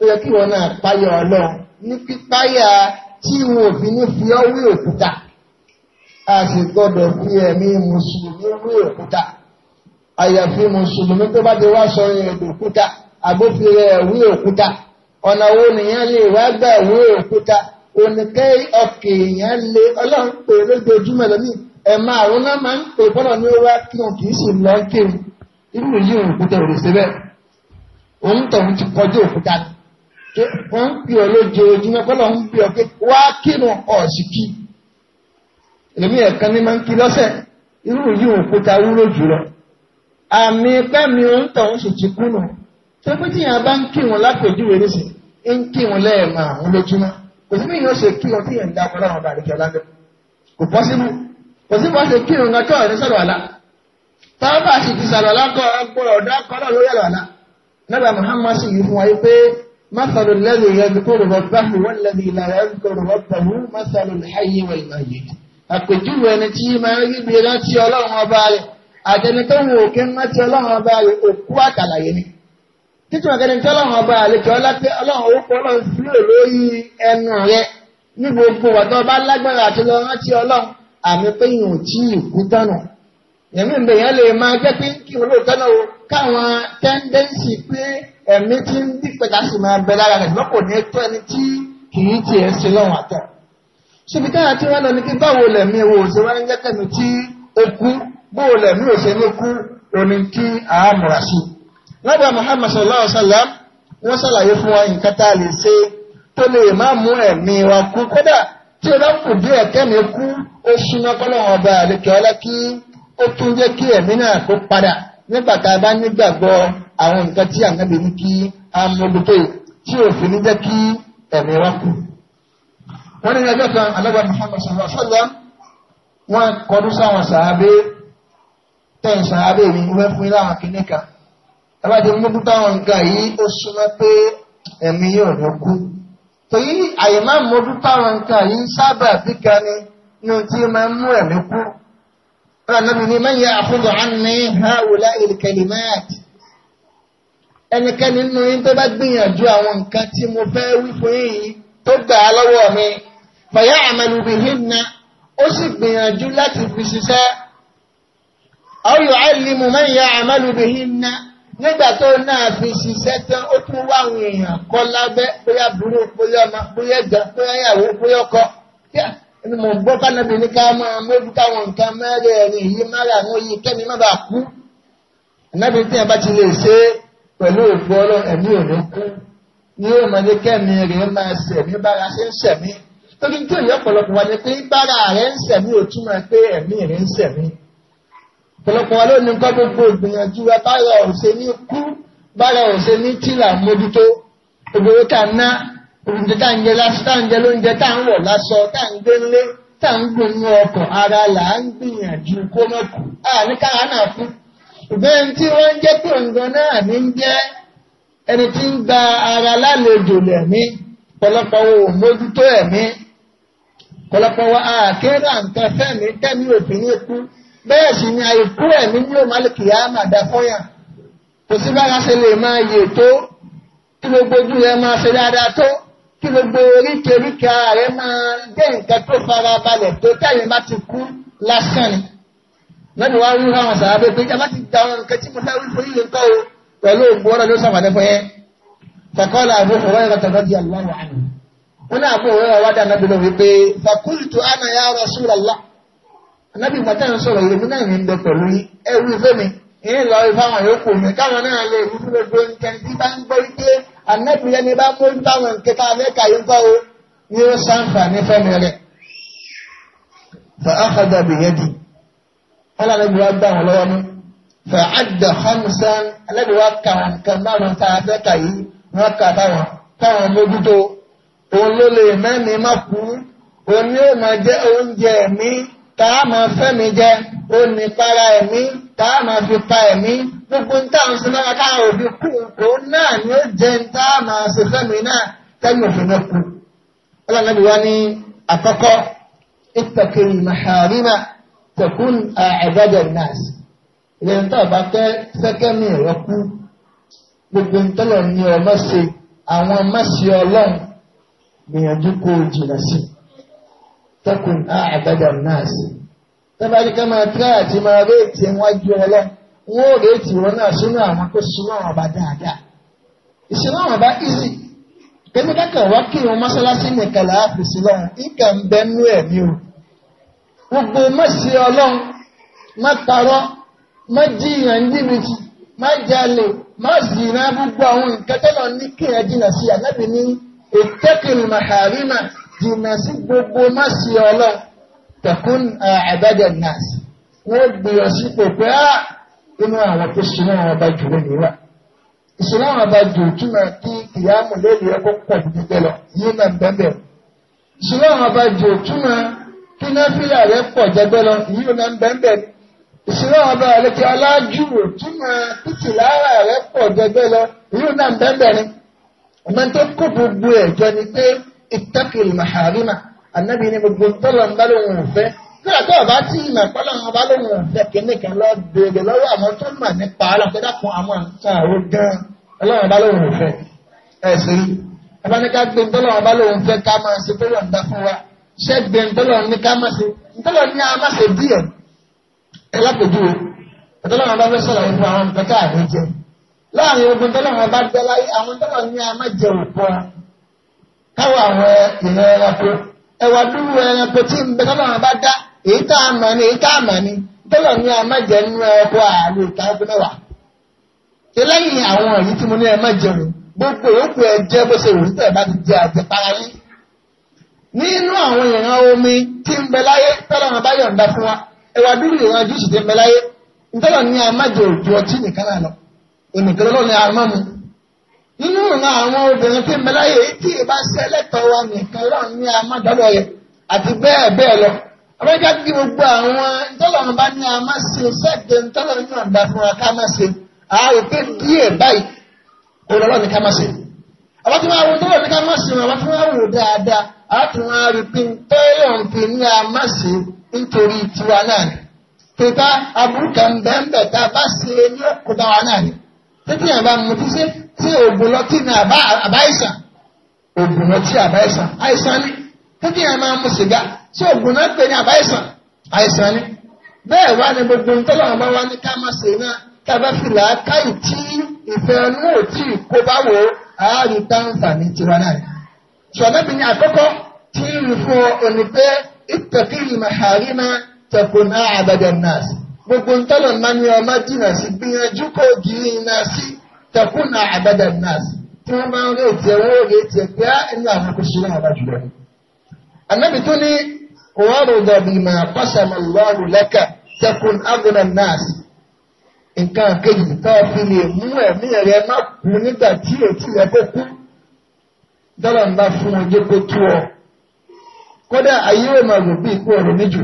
ó yẹ kí wọ́n náà páyà ọlọ́run ní pípáyà tí wọn ò fi ní fi ọ́ wí òkúta a sì gbọ́dọ̀ fi ẹ̀mí mùsùlùmí wí òkúta àyàfi mùsùlùmí tó bá ti wá sọ ìrìn òkúta àgbófinró ẹ̀wí òkúta ọ̀nà wo nìyẹn lè wá gbà ìwé òkúta òníkẹ́ ọkè èèyàn lé ọlọ́run pè lójoojúmọ́ lọ́mìí ẹ̀ma àrùn náà máa ń pè bọ́lá ní owó akíyàn kì í sì lọ kéwù irú yìí òun kúta òrè síbẹ̀ òun tọ̀hún ti kọjú òkúta ni ó ń pè ọ lójoojúmọ́ bọ́lá ń pè ọ pé wá kírun ọ̀sìkì èmi ẹ̀kan ní máa ń kí lọ́sẹ̀ irú yìí òkúta wúlò jùlọ àmì pẹ́mi òun tọ̀hún sì ti kú nù tó pé tíyàn bá ń kírun lápèjúwe nísìnyí ń kírun lẹ́ẹ̀mọ àwọn lójúmọ́ kò kò sí bọ́ ṣe kírun kan tó ọ̀rẹ́ sọ̀rọ̀ àlá tọ́ba sì ti sọ̀rọ̀ lákọ̀ ọgbọ̀n ọ̀dọ́ akọ́lọ̀ lórí ẹ̀rọ àlá nígbà Muhammad sì yí fún wa pé مثل الذي يذكر ربه والذي لا يذكر ربه مثل الحي والميت àpèjúwe ẹni tí máa rí bí rántí ọlọ́run ọba rẹ̀ àtẹni tó wù òkè ń rántí ọlọ́run ọba rẹ̀ òkú àtàlàyé ni títún àtẹni tí ọlọ́run ọba rẹ̀ kí ọlá pé ọlọ́run orúkọ ọlọ́run sílẹ̀ lórí ẹnu rẹ̀ ní àmì pé yìí ò tí ì kú tánà ẹ̀mí ìgbẹ́ yẹn lè máa jẹ́ pé kí wọ́n lò tánà o káwọn tẹ́ndẹ́nsì pé ẹ̀mí tí ń bí pẹ̀tà sì máa bẹ lára rẹ̀ lọ́pọ̀ ní ẹ̀tọ́ ẹni tí kì í tiẹ̀ ṣe lọ́wọ́ àtọ̀ ṣùgbọ́n káyà tí wọ́n lọ ní kí báwo lẹ̀mí wo ṣe wọ́n ń jẹ́ kẹ́mi tí ó kú báwo lẹ̀mí ò ṣe ní kú òní kí sallam wọ́n ṣàlàyé fún wa nǹkan tá a lè ṣe tó lè tí o bá kù díẹ̀ kẹ́mi kú ó súná kọ́lọ́wọ́n ọba àlekè ọlá kí ó tún jẹ́ kí ẹ̀mí náà kó padà nígbà tá a bá nígbàgbọ́ àwọn nǹkan tí ànábì ní kí a mójútó tí òfin ní jẹ́ kí ẹ̀mí wa kù. wọ́n ní ẹjọ́ kan alága Muhammad sallallahu alaihi wasallam wọ́n kọdún sáwọn sàábé tẹ̀yìn sàábé mi wọ́n fún yín láwọn kìnnì kan. ẹ bá ti mójútó àwọn nǹkan yìí ó súná pé ẹ̀mí yóò torí àyèmá mojú táwọn nǹkan yìí sábà fi kan ni ní tí ma ń mú ẹ̀mí kú ọ̀rọ̀ náà ni man ya'khudhu anni ha'ula'i al-kalimat ẹnikẹ́ni nínú yín tó bá gbìyànjú àwọn nǹkan tí mo fẹ́ wí fún yìí tó gbà á lọ́wọ́ mi fa ya'malu bihinna ó sì gbìyànjú láti fi ṣiṣẹ́ aw yu'allimu man ya'malu bihinna nígbà tó náà fi ṣiṣẹ́ tán ó tún wá àwọn èèyàn kọ́ lábẹ́ bóyá burú bóyá ọmọ bóyá ẹ̀gbọ́n bóyá ìyàwó bóyá ọkọ ẹni mọ̀ gbọ́ kánábì ní ká máa mójú káwọn nǹkan mẹ́rẹ̀ẹ̀rin yìí mẹ́rẹ̀ àwọn yìí kẹ́mi má bàa kú ẹ̀nábì tí yẹn bá ti lè ṣe pẹ̀lú òkú ọlọ́run ẹ̀mí ò ní kú ni yóò máa ní kẹ́mi rẹ̀ máa ṣẹ̀mí bára ṣe ń ṣẹ̀mí torí tí òye ọ̀pọ̀lọpọ̀ wà ní pé bára rẹ̀ ń ṣẹ̀mí ò túmọ̀ pé ẹ̀mí rẹ̀ ń ṣẹ̀mí ọ̀pọ̀lọpọ̀ wa lónìí nǹkan gbogbo ìgbìyànjú wa bára ọ̀sẹ̀ ní kú bára ọ̀sẹ̀ ní tìlà mójútó ògbòrò tá a ná oúnjẹ tá à ń jẹ lásán tá à ń jẹ lóúnjẹ tá à ń wọ̀ lásọ tá à ń gbé ńlé tá à ń gbé ní ọkọ̀ ara là á ń gbìyànjú kó má kú a ní kára náà fún ìbẹ́ẹ̀ tí wọ́n ń jẹ́ pé náà ní ń jẹ́ ẹni tí ń gba ara lálejò lẹ̀mí ọ̀pọ̀lọpọ̀ wo mójútó ẹ̀mí ọ̀pọ̀lọpọ̀ wa àkérà nǹkan fẹ́mi tẹ́mi òfin ní kú bẹ́ẹ̀ sì ni àìkú ẹ̀mí ní òmálìkì yá máa dá fọ́yà kò sí bára ṣe lè máa yè tó kí gbogbo ojú rẹ máa ṣe dáadáa tó kí gbogbo oríkèéríkèé ara rẹ máa jẹ́ nǹkan tó fara balẹ̀ tó tẹ̀yìn bá ti kú lásán ni lẹ́nu wá rí àwọn sàábẹ́ pé jábá ti gba àwọn nǹkan tí mo fẹ́ wí fún yìí nǹkan o pẹ̀lú ògbó ọ̀rọ̀ ló sàmàdé fún yẹn fàkọ́lá àbò fọwọ́ ẹ̀rọ Rasulullah anábì mọ̀tá ń sọ̀rọ̀ yìí náà ń bẹ pẹ̀lú yín ẹrú ìfẹ́ mi ìyẹn lọ ìfáwọn yòókù mi káwọn náà lè rí fún gbogbo nǹkan tí bá ń gbọ́ ike anábì yẹn ni bá mú báwọn nǹkan tá a fẹ́ kà yín kọ́ o ní ó sáǹfà ní fẹ́mi rẹ̀. fàákàdà bìyẹ́dì wọn anábì wa gbà wọn lọ́wọ́ mú fàádà hamsan anábì wa kà wọn kan báwọn tá a fẹ́ kà yìí wọn kà táwọn táwọn mójútó òun ló lè mẹ́ni má kú òun yóò tá a máa fẹ́mi jẹ ó ní para ẹ̀mí tá a máa fi pa ẹ̀mí gbogbo ń tà ń sin lára káà òbí kú òun náà ni ó jẹ ń tá a máa ṣe fẹ́mi náà tẹ́lẹ̀ òfin náà kú. ọlọ́nàbí wa ní àkọ́kọ́ ìtàkìrì màhàrímà tẹ̀kún àìbájẹ̀ náàsì. ìrẹ̀lẹ̀ tó bá fẹ́ sẹ́kẹ́mì rẹ kú gbogbo ń tọ́lọ̀ ní ọmọ ṣe àwọn mọ́ṣẹ́ ọlọ́run gbìyànjú kó jìnnà sí i tẹkùn àgbàdàn náà sí. tábàdí ká máa tíra àti máa réètì wájú ọlọ́ wọn ò réètì wọn náà sínú àwọn tó súnmọ́ àwọn ọba dáadáa. ìṣúná àwọn ọba easy kẹ́mi kákan wá kí wọn mọ́ṣáláṣí nìkan láàfin sí lọ́hùn ìkà ń bẹ nú ẹ̀mí o. gbogbo mọ̀sí ọlọ́run má parọ́ má jiyàn jìbìtì má jalè má zìnnà gbogbo àwọn nǹkan tó lọ ní kéèyàn jìnnà sí àgbẹ̀bí ní ìtẹ́kìlì màhàrímà jìnnà sí gbogbo mọ́sí ọlọ́ tẹ̀kún àbẹ́dẹ̀ nọ́ọ̀sì wọ́n gbé ọ sí pèpè á ah, inú àwọn tó sinú àwọn ọba jù lónìí wà. ìsinú àwọn ọba jù túmọ̀ kí ìyáàmù lórí ẹ̀kọ́ pọ̀ gbígbẹ́ lọ yìí náà bẹ́ẹ̀ bẹ́ẹ̀. ìsinú àwọn ọba jù túmọ̀ kí náfìlà rẹ̀ pọ̀ jẹgbẹ́ lọ yìí náà bẹ́ẹ̀ bẹ́ẹ̀. ìsinú àwọn ọba aláàjù túmọ̀ títì lára rẹ̀ pọ̀ jẹgbẹ́ yìí náà bẹ́ẹ̀ ni. ọmọ tó kó gbogbo ẹ̀ jẹ ni pé ìtẹ́kìlì màhàrímà ànábì ní gbogbo tọ́lọ̀ ń bá lóun ọ̀fẹ́ kíláà tó ọba tí ìmọ̀ ìpọ́lọ̀ ń bá lóun ọ̀fẹ́ kìíní kan lọ béèrè lọ́wọ́ àwọn tó mà nípa alákọ̀dákun àwọn nǹkan àrò gan ọlọ́run bá lóun ọ̀fẹ́ ẹ̀ sí i ọba ní ká gbé tọ́lọ̀ ń bá lóun ọ̀fẹ́ ká máa ṣe tọ́lọ̀ ń dá fún wa ṣẹ́ gbé tọ́lọ̀ ní ká máa ṣe tọ́lọ̀ ní a táwọn àwọn ìran ẹranko ẹwà dúró ẹranko tí ń bẹ tọ́lọ́run bá dá èyí tá a mọ̀ ni èyí tá a mọ̀ ni ní ẹ má jẹ nínú ṣe lẹ́yìn àwọn èyí tí mo ní ẹ má jẹun gbogbo jẹ bó ṣe ti jẹ nínú àwọn omi tí láyé fún wa láyé nínú ìran àwọn obìnrin tí mẹláyè tí ì wa nìkan lọ́run ní amádọ́dọ̀ yẹn àti bẹ́ẹ̀ bẹ́ẹ̀ lọ gbogbo àwọn ntọ́lọ́run bá ní a máa ṣe sẹ́ẹ̀dẹ̀ ntọ́lọ́run náà fún wa ká máa ṣe àárò pé díẹ̀ báyìí òrọ̀lọ́ ká ní ká dáadáa pé ní a nítorí tí oògùn lọ tí ní àbáyísà oògùn lọ tí àbáyísà àìsàn ni títí yẹn máa ń mu sìgá tí oògùn náà pè ní àbáyísà àìsàn ni bẹ́ẹ̀ wá ní gbogbo ntọ́lọ́ ọ̀bá wa ní ká má ṣe náà tá a bá fi làákàyè tí ìfẹ́ ẹnu ò tí ì kó bá wò ó àárín táǹfà ní tiwa náà ni. sọ̀dọ́bì ni àkọ́kọ́ tí ń fún ọ òní pé ìtẹ̀kìrì màhàrí máa tẹ̀kùn náà àbẹ̀dẹ̀ náà sí gbogbo ntọ́lọ̀ máa ní ọmọ jìnnà sí gbìyànjú kò jìnnà tẹ̀kún náà àgbàdà nọ́ọ̀sì tí wọ́n máa ń rí ètí ẹ̀wọ́n rí ètí ẹ̀pẹ́ á inú àwọn kò ṣe náà bá jùlọ. Ànábì tó ní wàrúdà bìmọ̀ àkọ́sàmọ̀ lọ́rù lẹ́kà tẹ̀kún àgbàdà nọ́ọ̀sì. Nǹkan kejì tá a fi lè mú ẹ̀mí rẹ má kú nígbà tí ètí rẹ kó kú. Dọ́là ńlá fún ọjọ́ kó tú ọ. Kódà ayé máa rò bí ikú ọ̀rọ̀ níjù.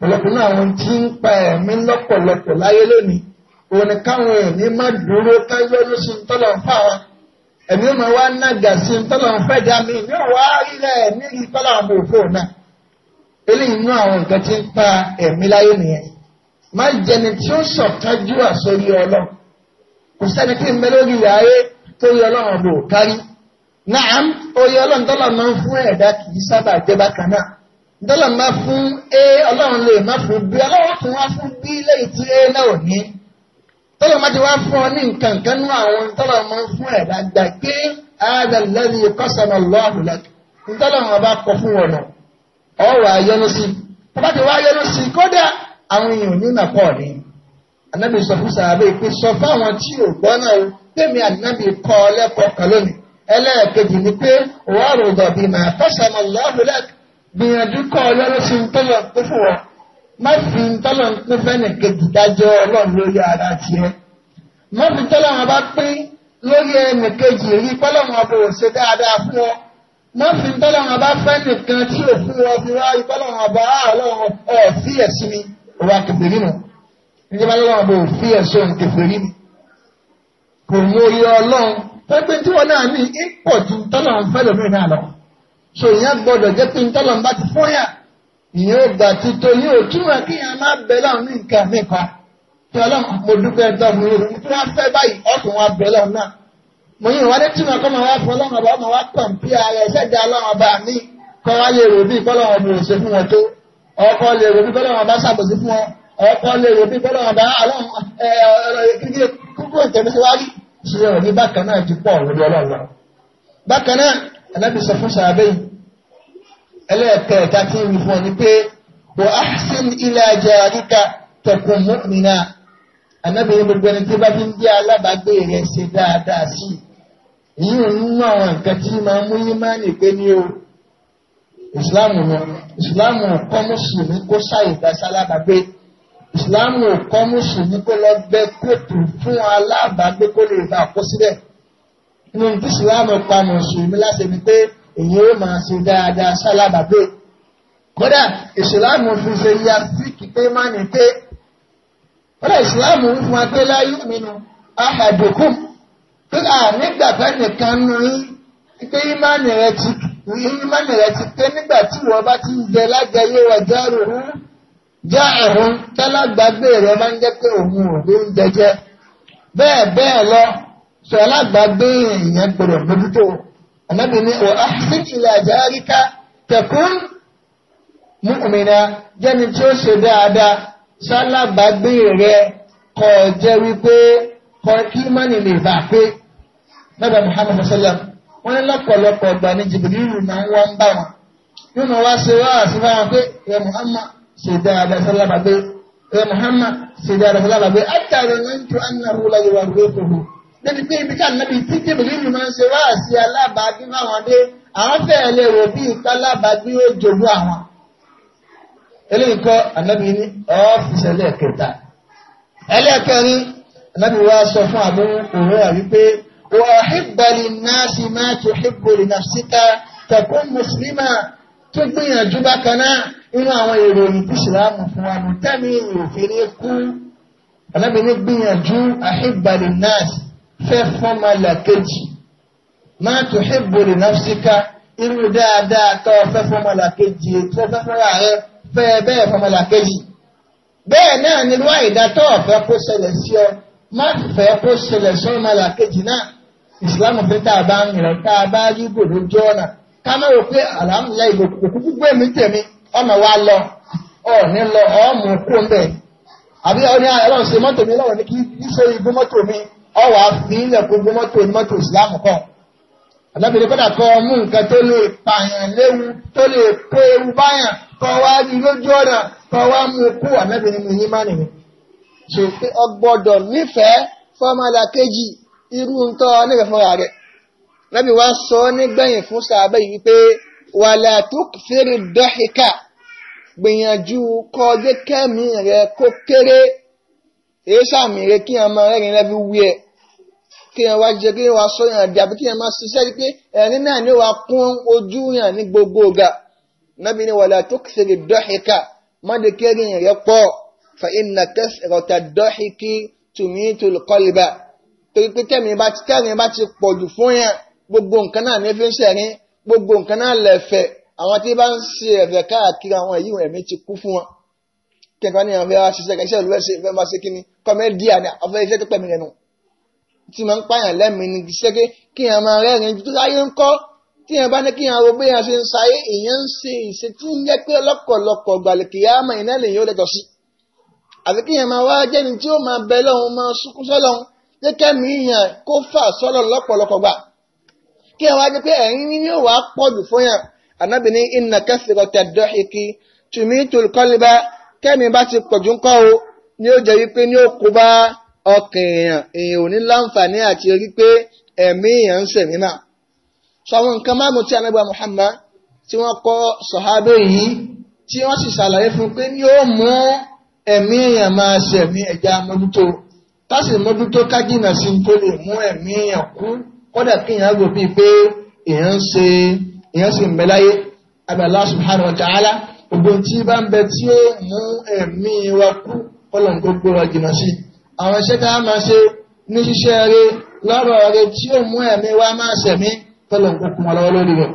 Ọ̀pọ̀lọpọ̀ àwọn tí ń pa ẹ̀mí lọ́pọ̀lọpọ̀ láyé lónìí òun káwọn ẹ̀mí má dúró káyọ́lú sí ntọ́lọ̀ ń fà wá ẹ̀mí ma wá nága sí ntọ́lọ̀ ń fẹ́ dá mi ní òwá ilẹ̀ nílùú ntọ́lọ̀ àmọ́ òfò náà eléyìí inú àwọn nǹkan tí ń pa ẹ̀mí láyé nìyẹn má jẹni tí ó sọ̀kájú àsórí ọlọ́run kò sẹ́ni tí ń bẹ lórí ìyáyé tó yọ ọlọ́run ọ̀bọ̀ kárí náà oyè ọlọ́run tọ́lọ̀ máa ń fún ẹ̀dá kì í sábà jẹ́ bákan náà tọ́lọ̀ máa fún a ọlọ́run lè má fún b ọlọ́run tún wá fún b lẹ́yìn tí a náà ò ní tọ́lọ̀ máa ti wá fún ọ ní nǹkan kan nú àwọn tọ́lọ̀ máa ń fún ẹ̀dá gbàgbé àádọ́lẹ́rì kọ́sọ̀nà lọ́ọ̀dùlẹ̀ ntọ́lọ̀ wọn bá kọ fún wọn ọ̀rọ̀ ayọ́nu sí bàbá wá ayọ́nu sí kódà àwọn èèyàn ní ni anábì sọ fún pé sọ tí ò gbọ́ náà o anábì kọ́ lẹ́kọ̀ọ́ kan lónìí ẹlẹ́ẹ̀kejì ni pé wọ́ọ̀rọ̀ dọ̀bì máa má fi tọ́lọ̀ ń pín fẹ́nì kejì dájọ́ ọlọ́run lórí ara tiẹ̀ má fi tọ́lọ̀ wọn bá pín lórí ẹnì kejì rí pọ́lọ̀ wọn bò ṣe dáadáa fún ọ má fi tọ́lọ̀ wọn bá fẹ́ nìkan tí ò fún ọ fi wá pọ́lọ̀ wọn bá ah, ọlọ́run ọ fi ẹ̀sìn mi òwà kẹfẹ́rí nù níjẹ́ bá lọ́wọ́ bò fi ẹ̀sìn kẹfẹ́rí mi kò mú orí ọlọ́run pẹ́pẹ́ tí wọ́n náà ní ìpọ̀jù tọ́lọ̀ ń fẹ́ lómìnira lọ ìyẹn ògbà títọ́ yìí ò túmọ̀ kí yẹn má bẹ láwọn ní nǹkan nípa tí ọlọ́run mo dúpẹ́ ẹgbẹ́ mi rò ní tí wọ́n fẹ́ báyìí ọ̀sùn wọn bẹ lọ́wọ́ náà mo yìn wá ní túmọ̀ kọ́ máa wá fún ọlọ́run ọba ọmọ wa pọ̀n pí ara ẹ̀ṣẹ́ da ọlọ́run ọba mi kọ́ wá lè rò bí kọ́lọ́run ọba òṣè fún wọn tó ọkọ lè rò bí kọ́lọ́run ọba ṣàbòsí fún wọn ọkọ lè rò bí kọ́lọ́run ọba ọlọ́run bákan ẹlẹ́ẹ̀kẹta tí ń wí fún ọ ni pé wa ahsin ila jarika takun mu'mina ànábì gbogbo ẹni tí bá fi ń jẹ́ alábàágbé rẹ̀ ṣe dáadáa sí i èyí ò ń mú àwọn nǹkan tí máa mú yímánì pé ní o ìsìláàmù lọ ìsìláàmù ọ̀kọ́ mùsùlùmí kó ṣàyè dáṣálábàgbé ìsìláàmù ọ̀kọ́ mùsùlùmí kó lọ gbẹ kóòtù fún alábàágbé kó lè bá a kó síbẹ̀ nínú ìsìláàmù pa mùsùlùmí láṣẹ ni pé èyí ó máa ṣe dáadáa ṣálábàgbé kódà ìsìláàmù fi ṣe ya síkì pé má ní pé kódà ìsìláàmù ń fún wa pé láyé mìínú ahadukum kódà nígbà pẹ́ nìkan nù yín pé ìmánì rẹ ti ìmánì rẹ ti pé nígbà tí wọ́n bá ti ń jẹ lágbàáyé wà jáàrò ń já ẹ̀rún tálágbàgbé rẹ máa ń jẹ́ pé òun ò ló ń jẹjẹ bẹ́ẹ̀ bẹ́ẹ̀ lọ sọ alágbàgbé èèyàn gbọdọ̀ mójútó Ànábì ní wa ahsin ila jarika takun mu'mina jẹ́ni tí ó ṣe dáadáa sálábàágbé rẹ̀ kó jẹ́ wípé kọ kí mọ́nì lè bá pé lọ́dọ̀ Muhammad sallam wọ́n ní lọ́pọ̀lọpọ̀ ọgbà ní Jibrilu náà wọ́n ń bá wọn nínú wa ṣe wá sí fáwọn pé ẹ Muhammad ṣe dáadáa sálábàágbé ẹ Muhammad ṣe dáadáa sálábàágbé àtàrà náà ń tún ànàrú láyé wà rúwé kòkòrò débi pé ibi ká nàbí tí jìbìlínù máa ń ṣe wá sí alábàágbé máwọn dé àwọn fẹ́ẹ̀ lè wò bí ipa alábàágbé ó jogún àwọn. eléyìí kọ́ ànábì ní ọ́fíìsì ẹlẹ́ẹ̀kẹta ẹlẹ́ẹ̀kẹrin ànábì wa sọ fún àbúrò òwúrọ̀ wípé wà á hìbàlì náà sì máa tó hìbòlì náà síta tẹ̀kún mùsùlùmá tó gbìyànjú bákan náà inú àwọn ìròyìn tí ìsìlámù fún wa nù tẹ́mi ìròfin ní kú ànábì ní gbìyànjú àhìbàlì náà sì fẹ́ fọ́mọlàkejì máa tó hẹ́bù lè náfṣíká irú dáadáa tó fẹ́ fọ́mọlàkejì tó fẹ́ fọ́ra rẹ fẹ́ bẹ́ẹ̀ fọ́mọlàkejì bẹ́ẹ̀ náà nílùú àìdá tó fẹ́ kó ṣẹlẹ̀ sí ọ má fẹ́ kó ṣẹlẹ̀ sí ọmọlàkejì náà ìsìlámù fẹ́ tá a bá ń rìn tá a bá rí gbòdó jọ ọ̀nà ká má rò pé àlàmúlẹ̀ ìgbòkúkú gbé mi tèmi ọmọ wa lọ ọ lọ ọ mú kó àbí ọ ní ọlọ́run ṣe mọ́tò mi lọ́wọ́ ní kí í ṣe ibú mọ́tò mi ọwọ́ àfihàn gbogbo mọ́tò mọ́tò ìsìlámù kan àdábìrì kọ́dà kọ́ mú nǹkan tó lè pààyàn léwu tó lè pé ewu báyàn kọ́ wá rí lójú ọ̀nà kọ́ wá mú kú àdábìrì mu yín má nìyẹn. ṣe pé ọgbọ́dọ̀ nífẹ̀ẹ́ fọ́mọdà kejì irú ntọ́ nífẹ̀ẹ́ fúnra rẹ̀ lẹ́bi wá sọ nígbẹ̀yìn fún sàbẹ̀ yìí pé wàlà tó fèrè gbìyànjú kọ́ jẹ́ kẹ́mi kó kéré èé sàmì rẹ̀ kí ọmọ rẹ̀ rìn lẹ́bi wí kéèyàn wá jẹ kéèyàn wá sọ yàn dàbí kéèyàn máa ṣiṣẹ́ rí pé ẹ̀rín náà ni wàá kún ojú yàn ní gbogbo ọ̀gà nàbí ni wàlá tó kìsìrì dọ́hìkà mọ́dé kẹ́rin rẹ̀ pọ̀ fa iná kẹsìrọ̀tà dọ́hìkì tùmí tòlùkọ́lìbà torí pé kẹ́rin bá ti kẹ́rin bá ti pọ̀ jù fún yàn gbogbo nǹkan náà ní fi ń ṣẹ̀rín gbogbo nǹkan náà lẹ̀fẹ̀ àwọn tí bá ń ṣe ẹ̀fẹ̀ káàkiri àwọn tí máa ń pààyàn lẹ́mìí ni sẹ́kẹ́ kí èèyàn máa rẹ́rìn ju láyé ń kọ́ tí èèyàn bá ní kí èèyàn ro bí èèyàn ṣe ń sáyé èèyàn ń ṣe ìṣe tí ń jẹ́ pé lọ́pọ̀lọpọ̀ gbàlèkè àmọ́ iná lèyìn ó lẹ́jọ́ sí. àti kí èèyàn máa wá jẹ́ni tí ó máa bẹ lọ́hùn máa sunkún sọ́lọ́hùn jẹ́ kẹ́mi èèyàn kó fà sọ́lọ́ lọ́pọ̀lọpọ̀ gbà. kí èèyàn wá jẹ́ pé ẹ̀rín ni ó wàá pọ̀ jù fún yàn ànábì ní inna kathrata dọ́hìkì tùmí tòlùkọ́líbá kẹ́mi bá ti pọ̀jù ńkọ́ o ni ó jẹ́ wípé ni ó kó bá ọkàn èèyàn èèyàn ò ní láǹfààní àti rí pé ẹ̀mí èèyàn ń sẹ̀mí náà. sọ nǹkan márùn tí anábà Muhammad tí wọ́n kọ́ sọ̀hábẹ́ yìí tí wọ́n sì ṣàlàyé fún pé yóò mú ẹ̀mí èèyàn máa sẹ̀mí ẹ̀já mójútó tásì mójútó kájínà sí kó lè mú ẹ̀mí èèyàn kú kódà kí èèyàn rò bíi pé èèyàn ń ṣe èèyàn sì ń bẹ láyé abẹ́lá subhanahu wa ta'ala gbogbo bá ń bẹ tí ó mú ẹ̀mí wa kú kọ́lọ̀ ń gbogbo wa jìnnà sí àwọn iṣẹ́ tá a máa ṣe ní ṣíṣẹ́ rẹ lọ́rọ̀ rẹ tí ó mú ẹ̀mí wá máa ṣẹ̀mí tọ́lọ̀ ń kókun ọlọ́wọ́ lórí rẹ̀.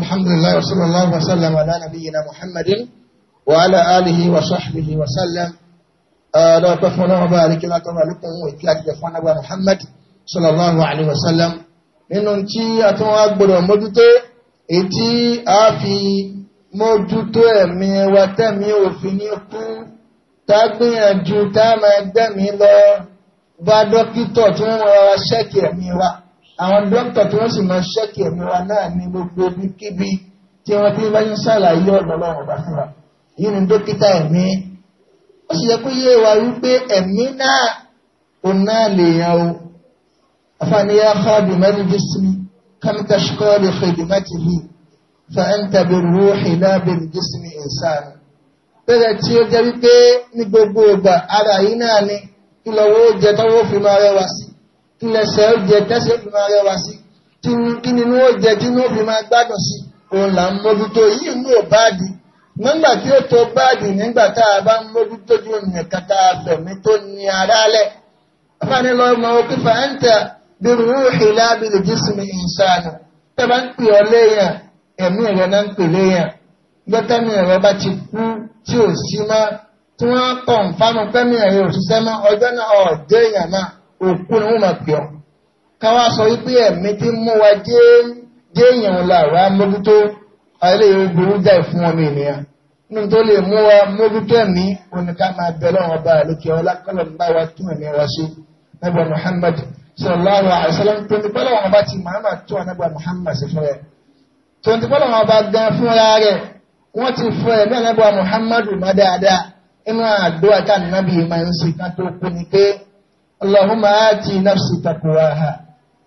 الحمد لله وصلى الله وسلم على نبينا محمد وعلى آله وصحبه وسلم لا تفنى وبارك لا تبارك وإكلاك يفنى محمد صلى الله عليه وسلم nínú tí a tún wá gbọ́dọ̀ mójútó ètí a fi mójútó ẹ̀mí wa tẹ̀mí òfin ní kú tágbìyànjú tá máa gbẹ̀mí lọ bá dókítọ̀ tí wọ́n máa ṣẹ́kì ẹ̀mí wa àwọn dókítọ̀ tí wọ́n sì máa ṣẹ́kì ẹ̀mí wa náà ní gbogbo ibikíbi tí wọ́n ti bá ń ṣàlàyé ọ̀dọ̀ lọ́wọ́ bá fún wa yìí ni dókítà ẹ̀mí ó sì yẹ kó yé wa wípé ẹ̀mí náà ò náà lè yan o afaniya xaadu mẹ́rin jismi kamka shikọ́ọ̀lì xidimatihi fa anta bi ruuxi laabin jismi insaan bẹ́ẹ̀ tí ó jẹ́ wípé ní gbogbo ìgbà ara yìí náà ni kí lọ́wọ́ jẹ tọ́wọ́ fi máa rẹwà sí kí lẹ́sẹ̀ ó tẹ́sẹ̀ fi máa rẹwà sí kí nínú ó jẹ kí inú fi máa gbádùn sí òun là ń mójútó yìí inú ò bá di nígbà tí ó tó báàgì nígbà tá a bá ń mójú tójú nìkan tá a fẹ̀mí tó ní aráàlẹ̀ afáàní lọ́ọ́ mọ òkú fàáńtà bí rúùhì lábìlì jísìmì ìsànù tá a bá ń pè ọ́ léèyàn ẹ̀mí ẹ̀rọ náà ń pè léèyàn gbẹ́tẹ́mi ẹ̀rọ bá ti kú tí ò sí mọ́ tí wọ́n kàn fáwọn pẹ́mi ẹ̀rọ òṣìṣẹ́ mọ́ ọjọ́ náà ọ̀dẹ́ èèyàn náà òkú ni wọ́n máa pè ọ́ káwá sọ wípé ẹ̀mí ti mú wa dé dé èèyàn làwọn amójútó àìlè burú jáì fún ọmọ ènìyàn nínú tó lè mú wa mójútó ẹ̀mí oníká máa bẹ lọ́wọ́ ọba àlókè ọlá kọ́lọ̀ ń bá wa tún ẹ̀mí wa ṣe nígbà Muhammad sallallahu alaihi wasallam tó ní pẹ́lú àwọn ọba ti Muhammad tó wà nígbà Muhammad sí fún rẹ̀ tó ní pẹ́lú àwọn ọba gan fúnra rẹ̀ wọ́n ti fún ẹ̀mí nígbà Muhammad má dáadáa inú àdó àti ànábì máa ń sèkà tó kú ni pé Allahumma aati nafsi taqwaha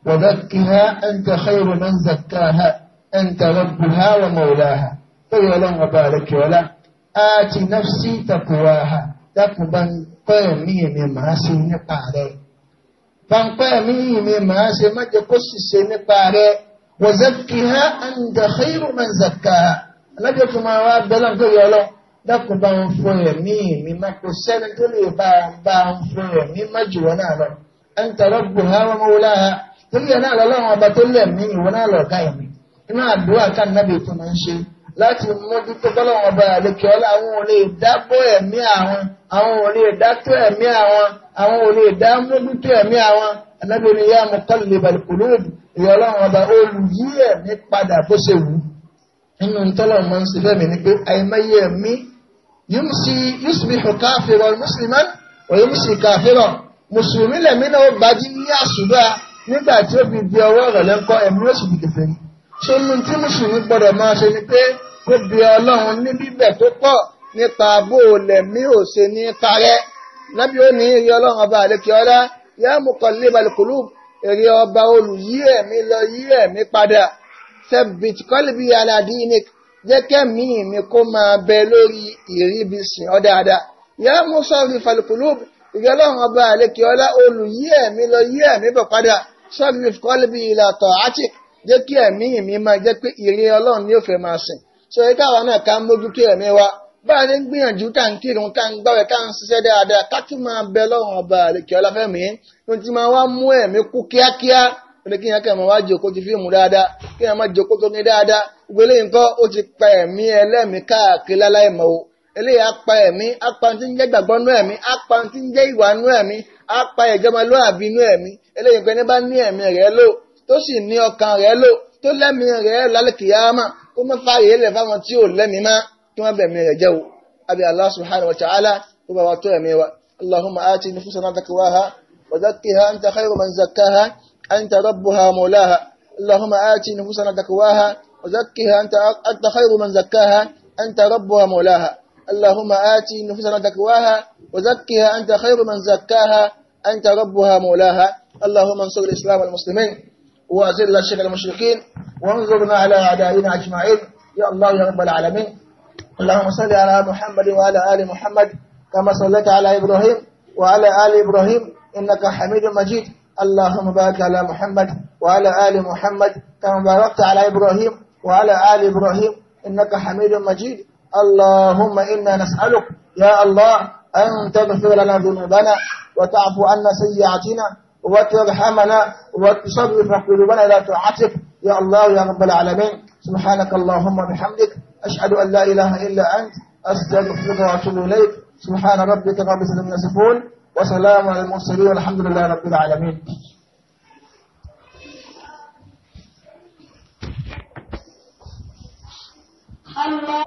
wa zakkiha anta khayru man أنت ربها ومولاها فيولن وبارك ولا آتي نفسي تقواها لكن بان قيمي من معاسي نقاري بان قيمي من معاسي ما تقصصي نقاري وزكها أنت خير من زكاها لجت ما وابدلن قيولن لكن بان قيمي مما قصنا تلي بان بان قيمي ما جوانا أنت ربها ومولاها تلي أنا لله وبتلي مني وأنا لله inú àdúrà ká nábì tó máa ń ṣe láti mójútó bọ́lọ́wọ́n ọba àlekè ọlá àwọn ò lè dá bọ́ ẹ̀mí àwọn àwọn ò lè dá tó ẹ̀mí àwọn àwọn ò lè dá mójútó ẹ̀mí àwọn ànábì ni yá mu kọ́ lè balẹ̀ kò lóòdù ìyá ọlọ́run ọba olùyí ẹ̀mí padà bó ṣe wù nínú ntọ́lọ̀ mọ́ ń sílẹ̀ mi ni pé àìmọye ẹ̀mí yumsi yusbihu kafiran musliman wa yumsi kafiran mùsùlùmí lẹ̀mí náà ó gbajú ní àṣùbà nígbà tí ó fi di ọwọ́ rẹ̀ lẹ́ńkọ́ ẹ̀mí ó sì fi kẹfẹ́ ni ṣé mi tí mùsùlùmí gbọ́dọ̀ máa ṣe ni pé kó bi ọlọ́run ní bíbẹ̀ tó pọ̀ nípa bó o lẹ̀ mí ò ṣe ní parẹ́ lábí ó ní eré ọlọ́run ọba àlekè ọlá yá muqallibal qulub eré ọba olùyí ẹ̀mí lọ yí ẹ̀mí padà thabbit qalbi ala dinik jẹ́ kẹ́mí mi kó máa bẹ lórí ìríbisìn ọ dáadáa yá musarrifal qulub eré ọlọ́run ọba àlekè ọlá olùyí ẹ̀mí lọ yí ẹ̀mí bọ̀ padà sarrif qalbi ila ta'atik jẹ́ kí ẹ̀mí mi máa jẹ́ pé ìrìn ọlọ́run ni ó fẹ́ máa sìn so ẹ káwa náà ká mójútó ẹ̀mí wa bá a lè ń gbìyànjú tá n kírun tá n gbàwẹ̀ tá n ṣiṣẹ́ dáadáa ká tún máa bẹ lọ́rùn ọba àlekè ọláfẹ́mi ló ti máa wá mú ẹ̀mí kú kíákíá lórí kí yẹn kẹ́ máa wá jòkó ti fíìmù dáadáa kí yẹn máa jòkó tó ní dáadáa gbogbo eléyìí nǹkan ó ti pa ẹ̀mí ẹlẹ́mìí káàkiri láláì mọ́ tó sì ní ọkàn rẹ̀ lò tó lẹ́mi rẹ̀ lálẹ́kìyàmà kó má fààyè lẹ̀ fáwọn tí ò lẹ́mi má kí wọ́n bẹ̀mí rẹ̀ jẹ́ o abi Allah subhanahu wa ta'ala kó bá wa tó ẹ̀mí wa Allahumma ati nufusana taqwaha wa zakkiha anta khayru man zakkaha ha rabbuha mawlaha Allahumma ati nufusana taqwaha wa zakkiha anta khayru man zakkaha anta ha mawlaha اللهم آت نفوسنا تقواها ha أنت خير من زكاها أنت ha مولاها اللهم انصر الإسلام والمسلمين وأذل الشرك المشركين وانظرنا على أعدائنا أجمعين يا الله يا رب العالمين اللهم صل على محمد وعلى آل محمد كما صليت على إبراهيم وعلى آل إبراهيم إنك حميد مجيد اللهم بارك على محمد وعلى آل محمد كما باركت على إبراهيم وعلى آل إبراهيم إنك حميد مجيد اللهم إنا نسألك يا الله أن تغفر لنا ذنوبنا وتعفو عنا سيئاتنا وترحمنا وتصرف قلوبنا لا تعاتب يا الله يا رب العالمين سبحانك اللهم وبحمدك أشهد أن لا إله إلا أنت أستغفرك وأتوب إليك سبحان ربك رب العزة عما يصفون وسلام على المرسلين والحمد لله رب العالمين الله